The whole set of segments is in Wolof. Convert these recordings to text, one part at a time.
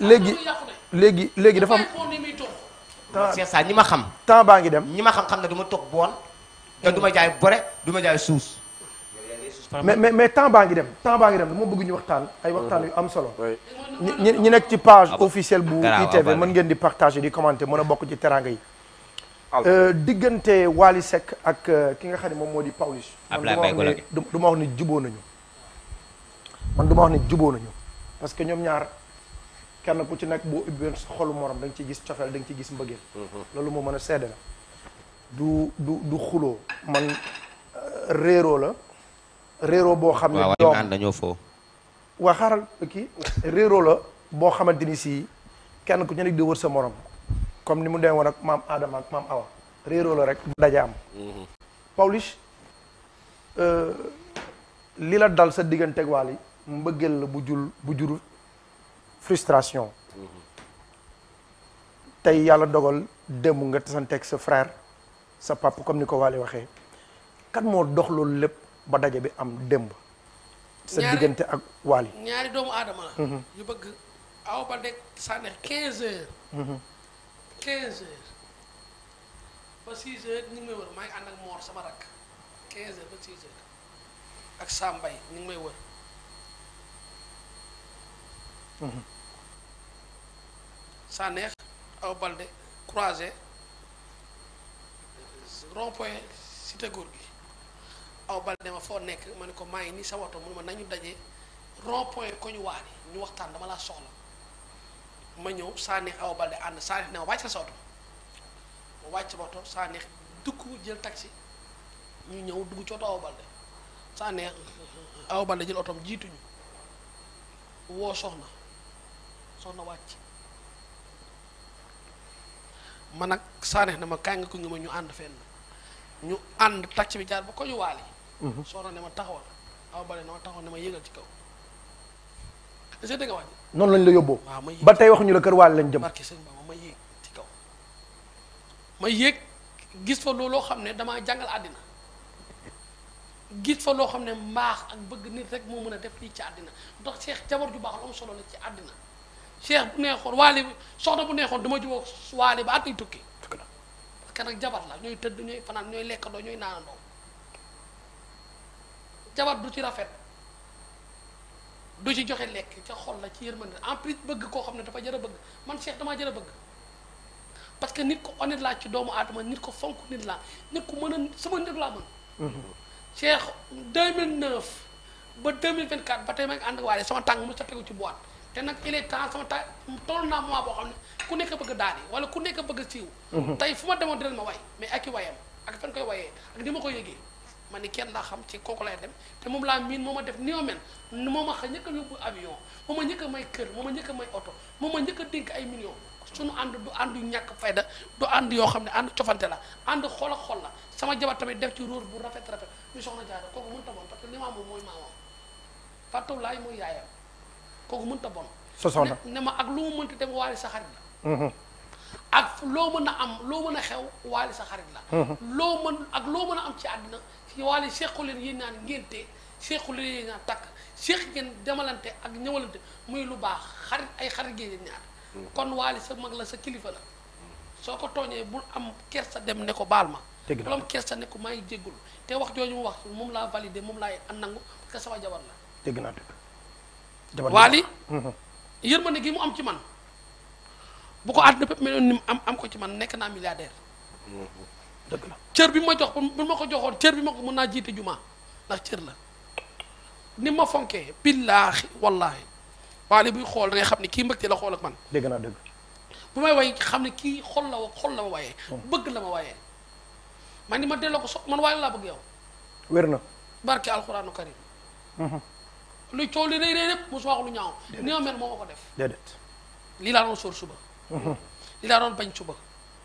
léegi léegi léegi dafa am c'est ça ñi ma xam temps baa ngi dem ñi ma xam xam ne du ma bool te du ma jaay bore du ma jaay suus mais mais mais temps baa ngi dem temps baa ngi dem dama bëgg ñu waxtaan ay waxtaan yu am solo ñi ñi nekk ci page ah officielle bu ITV mën ngeen di partager di commenter mën a bokk ci teranga yi euh, diggante Wally Seck ak euh, ki nga xam ne moom moo di Pawlish man du ma wax ne juboo nañu man du ma wax ne juboo nañu parce que ñoom ñaar kenn ku ci nekk boo ubbiwoon sa xolu morom da nga gis cofeel da ci ciy gis mbëggeel mhm. loolu moo mën a seede la du du du xuloo man euh, réeroo la réeroo boo xam ne doom dañoo foo kii réeroo la boo xamante ni si kenn ku ci nekk di wër sa moroom comme ni mu dee woon ak maam aadama ak maam Awa réeroo la rek bu daje am mhm. Pawlish euh, li la dal sa digganteeg waal yi mbëggeel la bu jul bu jur frustration tey yàlla dogal démb nga tasanteeg sa frère sa papa comme ni ko Waly waxee kan moo dox loolu lépp ba daje bi am démb sa diggante ak Waly ñaari doomu aadama la yu mhm. bëgg aw ba deg sànne quinze mhm. quinze heures ba six heures ba six heures ak Sambay ñu may wër Sanex aw Balde croisé rond-point cité góor gi aw Balde ma foo nekk ma ne ko maa ngi nii sa woto mu ma nañu daje rond-point ko ñu waar ñu waxtaan dama laa soxla ma ñëw Sanex aw Balde ànd Sanex ne ma wàcc sa woto ma wàcc sa woto Sanex dugg jël taxi ñu ñëw dugg ci oto aw Balde Sanex aw Balde jël otoom jiituñu woo soxna. mosoon na wàcc man nag saane na ma kaay nga ma ñu ànd ñu ànd tax bi jaar ba ko mhm. ma taxawal aw bale na ma taxawal ma yégal ci kaw est-ce que noonu lañ la yóbboo ba tey waxuñu la kër waali lañ jëm barke sëñ Bamba ma yéeg ci kaw ma yéeg gis fa looloo xam ne damaa jàngal àddina gis fa loo xam ne mbaax ak bëgg nit rek moo mën a def lii ci àddina ndax seex jabar ju baax lu am solo la ci àddina cheikh bu neexoon waale bi soxna bu neexoon dama jubóo waale ba at yi tukki tukki na parce nag jabar la ñooy tëdd ñooy fanaan ñooy lekkandoo ñooy naanandoo jabar du ci rafet du ci joxe lekk ca xool la ci yërmande en plus bëgg koo xam ne dafa a bëgg man cheikh damaa jërë bëgg parce que nit ko honnête laa ci doomu aadama nit ko fonk nit laa nit ko mën a sama nit laa mën mhm. cheikh 2009 ba 2024 ba tey ma ànd ak waale sama tàng mu sa tegu ci boîte te nag il est temps sama ta toll naa moment boo xam ne ku nekk bëgg daani wala ku nekk bëgg siiw mhm. tey fu ma demoon dinañ ma waay mais ak i wayam ak fan koy wayee ak ni ma koy yëgee ma ni kenn laa xam ci kooku lay dem te moom laa miin moo ma def ni ma ma xa ñëkk a yóbbu ma ñëkk a may kër moo ma ñëkk a oto moo ma ñëkk a dénk ay millions suñu ànd du àndu ñàkk fayda du ànd yoo xam ne ànd cofante la ànd xol a la sama jabar tamit def ci róor bu rafet rafet ñu soxna jaara kooku mënu tamoon parce que li ma moom mooy maamam Fatou Laay mooy yaayam kooku mënta bon. sosoon na ne ma ak lu mu mënti dem waali sa xarit la. Mhm. loo mën a am loo mën a xew waali sa xarit la. Mhm. loo mën ak loo mën a am ci àddina si waali sequ leen yéen naan ngénte sequ leen yéen takk seq ngeen demalante ak ñëwalante muy lu baax xarit ay xarit ngeen ñaar. Mhm. kon waali sa mag la sa kilifa la. soo ko tooñee bul am kersa dem ne ko baal ma. dëgg la kersa ne ko maa ngi te wax jooju wax moom laa validé moom laay nangu parce que sama jabar la. waali yërmande gi mu am ci man bu ko àdduna bépp meloon ni am am ko ci man nekk naa milliardaire dëgg la cër bi ma jox bu ma ko joxoon cër bi ma ko mën naa jiite jumaa ndax cër la ni ma fonkee billaahi wallaahi waali buy xool da xam ne kii mbëgte la xool ak man dëgg naa dëgg bu may way xam ne kii xol la xool la ma wayee hmm. bëgg la ma waaye man ni ma delloo ko so man waaye laa bëgg yow wér na barke alxuraanu karim hmm. lu coow li rëy rëy yëpp mosu wax lu ñaaw. ni ma mel moo ma ko def. déedéet lii laa doon sóor suba. Mm-hmm. lii laa doon bañ suba.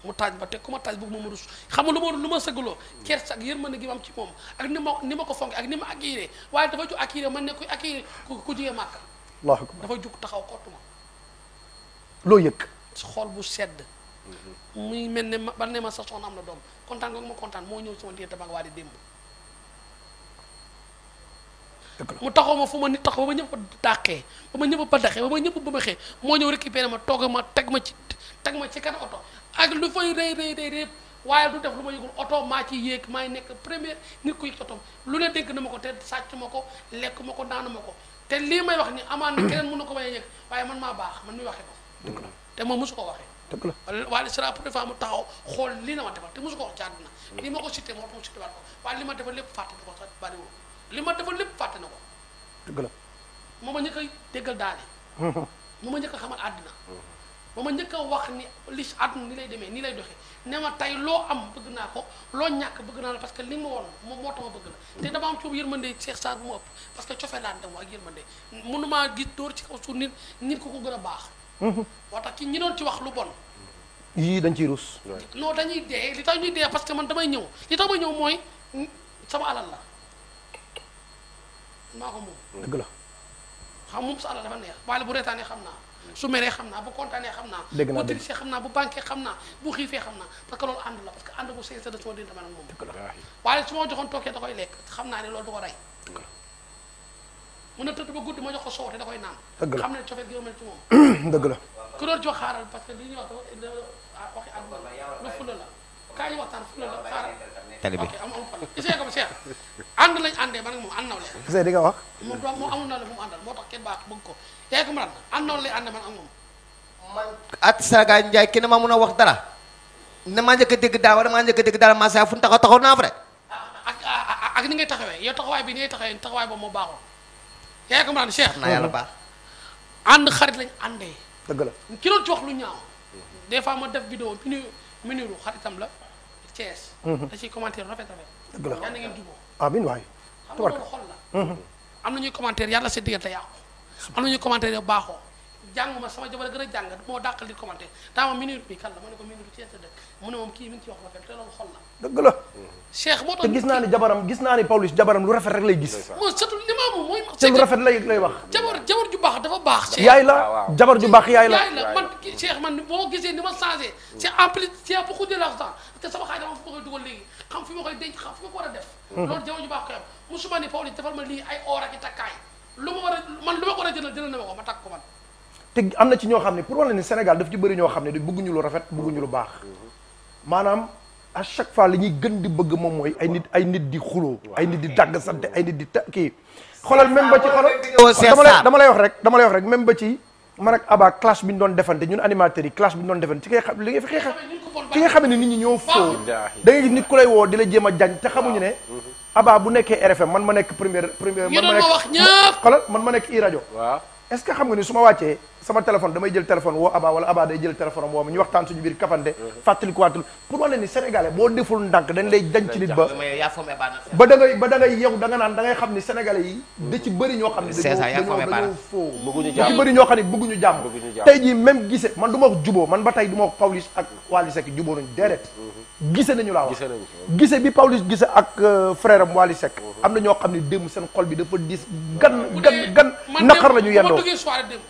mu taaj ba te ku ma taaj bëgg ma mu rus xam nga lu ma lu ma sëggaloo mm-hmm. kersa ak yërmande gi ma am ci moom ak ni ma ni ma ko fonk ak ni ma accueillir waaye dafa ju accueillir man ne kuy accueillir ku jugee màkk. allahu akbar dafa jug taxaw kottu ma. loo yëg. xool bu sedd. Mm-hmm. muy mel ne ma ban ne ma sa soxna am na doom kontaan nga ma kontaan moo ñëw sama diggante ba ak waa di démb. mu taxaw ma fu ma nit taxaw ba ma ñëpp a dàqee ba ma ñëpp a badaxee ba ma ñëpp a bëmaxee moo ñëw récupéré ma togg ma teg ma ci teg ma ci kan oto ak lu fay rëy rëy rëy rëy waaye du def lu ma yëgul oto maa ci yéeg maay nekk première nit ku yëg lu ne dégg na ma ko te sàcc ma ko lekk ma ko naanu ma ko te lii may wax ni amaan na keneen ko waaye man maa baax man mi waxee ko te moom mosu ko waxee dëgg la waaye taxaw xool ko li ma ko cité moo tax mu cité waat ko waaye li ma defal lépp fàtte bi ko sax bariwul li ma defoon lépp fàtte ko. dëgg la. moo ma njëkk dëggal déggal daane. moo ma njëkk a xamal àddina. moo ma njëkk a wax ni li àdduna ni lay demee nii lay doxee ne ma tey loo am bëgg naa ko loo ñàkk bëgg naa la parce que li ma woon moom moo tax ma bëgg la. te dama am coobu yërmande Cheikh Sarr bu ma ëpp parce que cofe laa dem ak yërmande mënumaa gis dóor ci kaw suuf nit nit ku ko gën a baax. moo tax ci ñi doon ci wax lu bon. yii dañ ciy ruus. non dañuy dee li tax ñuy dee parce que man damay ñëw li tax ma ñëw mooy sama alal la. maa ko moom. dëgg la. xam moom sa àll dafa neex waale bu reetaanee xam naa su meree xam naa bu kontaanee xam naa. dëgg naa bu triste xam naa bu banqué xam naa bu xiifee xam naa parce que loolu ànd la parce que ànd bu sincère sama diggante lekk xam naa ne loolu du mun na tëdd ba guddi ma jox ko soow te da koy naan. dëgg la xam ne la ku jox xaaral parce que li ñuy wax dafa ah, waxi lu fula la kaay waxtaan fula la xaaral tali bi. gisee ko Cheikh ànd lañ àndee man ak moom ànd naw leen. gisee di wax. moom doom moom amul naw leen bu moo tax kenn baax bëgg ko yaa ngi ko mën a ànd man ak moom. man at Saraga Ndiaye kenn maa mun a wax dara na maa njëkk dégg daaw rek maa njëkk dégg daal Massa fu mu taxaw taxaw naa fa ak ni ngay taxawee yow taxawaay bi ni ngay taxawee taxawaay boobu moo baaxoon yaa ngi ko mën a Cheikh. na yàlla baax. ànd xarit lañ àndee. dëgg la ki doon ci wax lu ñaaw des fois ma def vidéo miniru miniru xaritam la Thiès. Mhm. da ciy commentaire rafet rafet. dëgg la yal na ngeen jubóo. amiin waay. tubarka xam nga loolu xol la. Mhm. am na ñuy commentaire yàlla sa diggante yàqu. am na ñuy commentaire yow baaxoo jàng ma sama jabar gën a jàng moo dàqal di commentaire daa ma minute bi kan la ma ne ko minute bi Thiès la dëkk mu ne moom kii mi ngi ci wax rafet te loolu xol la. dëgg la. Cheikh moo gis naa jabaram gis naa ni jabaram lu rafet rek lay gis. mooy surtout lu rafet lay lay wax. jabar jabar ju baax dafa la jabar te sama xaalis dama fa ma xam fi ma koy denc xam fi ma ko war a def mhm. loolu jamono ju baax koy am musuma ni Pawlish defal ma lii ay or ak i takkaay lu ma war a man lu ma a jëndal jëndal na ma ko ma takk ko man te am na ci ñoo xam ne pour wala ni Sénégal daf ci bëri ñoo xam ne bëgguñu lu rafet bëgguñu lu baax maanaam a chaque fois li ñuy gën di bëgg moom mooy ay nit ay nit di xuloo ay nit di dagg sante ay nit di ta kii xoolal même ba ci xoolal dama lay wax rek dama lay wax rek même ba ci man ak Aba clash bi ki nga xam ni nit ñi ñoo foo da ngay gis nit ku lay woo di la jéem a jañ te xamuñu ne mm-hmm. Abba bu nekkee RFM man ma nekk première première man ma nekk xolal man ma nekk i rajo est-ce que xam nga ni su ma wàccee sama téléphone damay jël téléphone woo Aba wala Aba day jël téléphone am woo ma ñu waxtaan suñu biir kafande mm-hmm. fàttali ko waatul pour wane ni sénégalais boo deful ndànk dañ lay dañ ci nit ba ba da ba da ngay yow naan da xam ni sénégalais yi da ci bëri ñoo xam ne dañoo dañoo foo da ci bëri ñoo xam ne bëgguñu jàmm tey jii même gise man du wax juboo man ba tey du wax Pawlish ak Wally Seck juboo nañu déedéet mm-hmm. gise nañu laa wax gise bi Pawlish gise euh, am na ñoo xam ne seen xol bi dafa naqar la ñu yendoo ma duggee soirée démb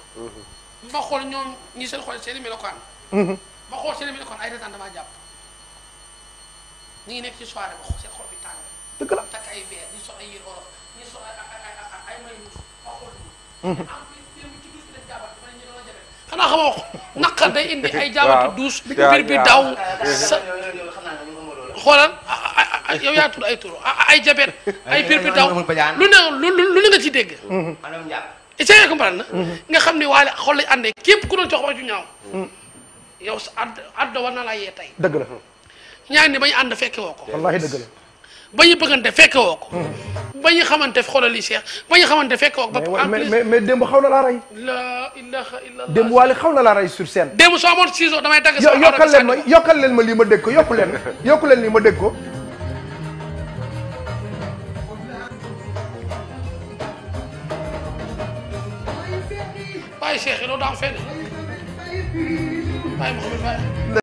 xool ñoom ñi seen xool seen i melokaan mhm. ma xool seen i melokaan ay retaan damaa jàpp ñi ngi nekk ci soirée ba seen xol bi tàng dëgg takk ay verre ñi sol ay yére olof ñi ay ay may ma xool ñu mhm. am dañ jàppal ma ne ñu doon ay jaabatu mhm. ay tur ay bi daw lu nga ci dégg est-ce que mm-hmm. nga xam ni waale xol lañ àndee képp ku doon jox wax ju ñaaw mm-hmm. yow sa add addo war na laa yee tey dëgg la ñaar ni bañu ànd fekke woo ko wallaahi dëgg la bañu bëggante fekke woo ko mm-hmm. bañu xamante a li seex bañu xamante fekke woo ko ba mais mais démb xaw na laa rey la ilaha illallah démb waale xaw na laa rey sur scène démb soo amoon ciseau damay dagg yokkal leen ma yokkal leen ma lii ma dégg ko yokku leen yokk leen lii ma dégg ko bàyyi Cheikh yi loolu daa am fenn bàyyi Mouhamed bàyyi.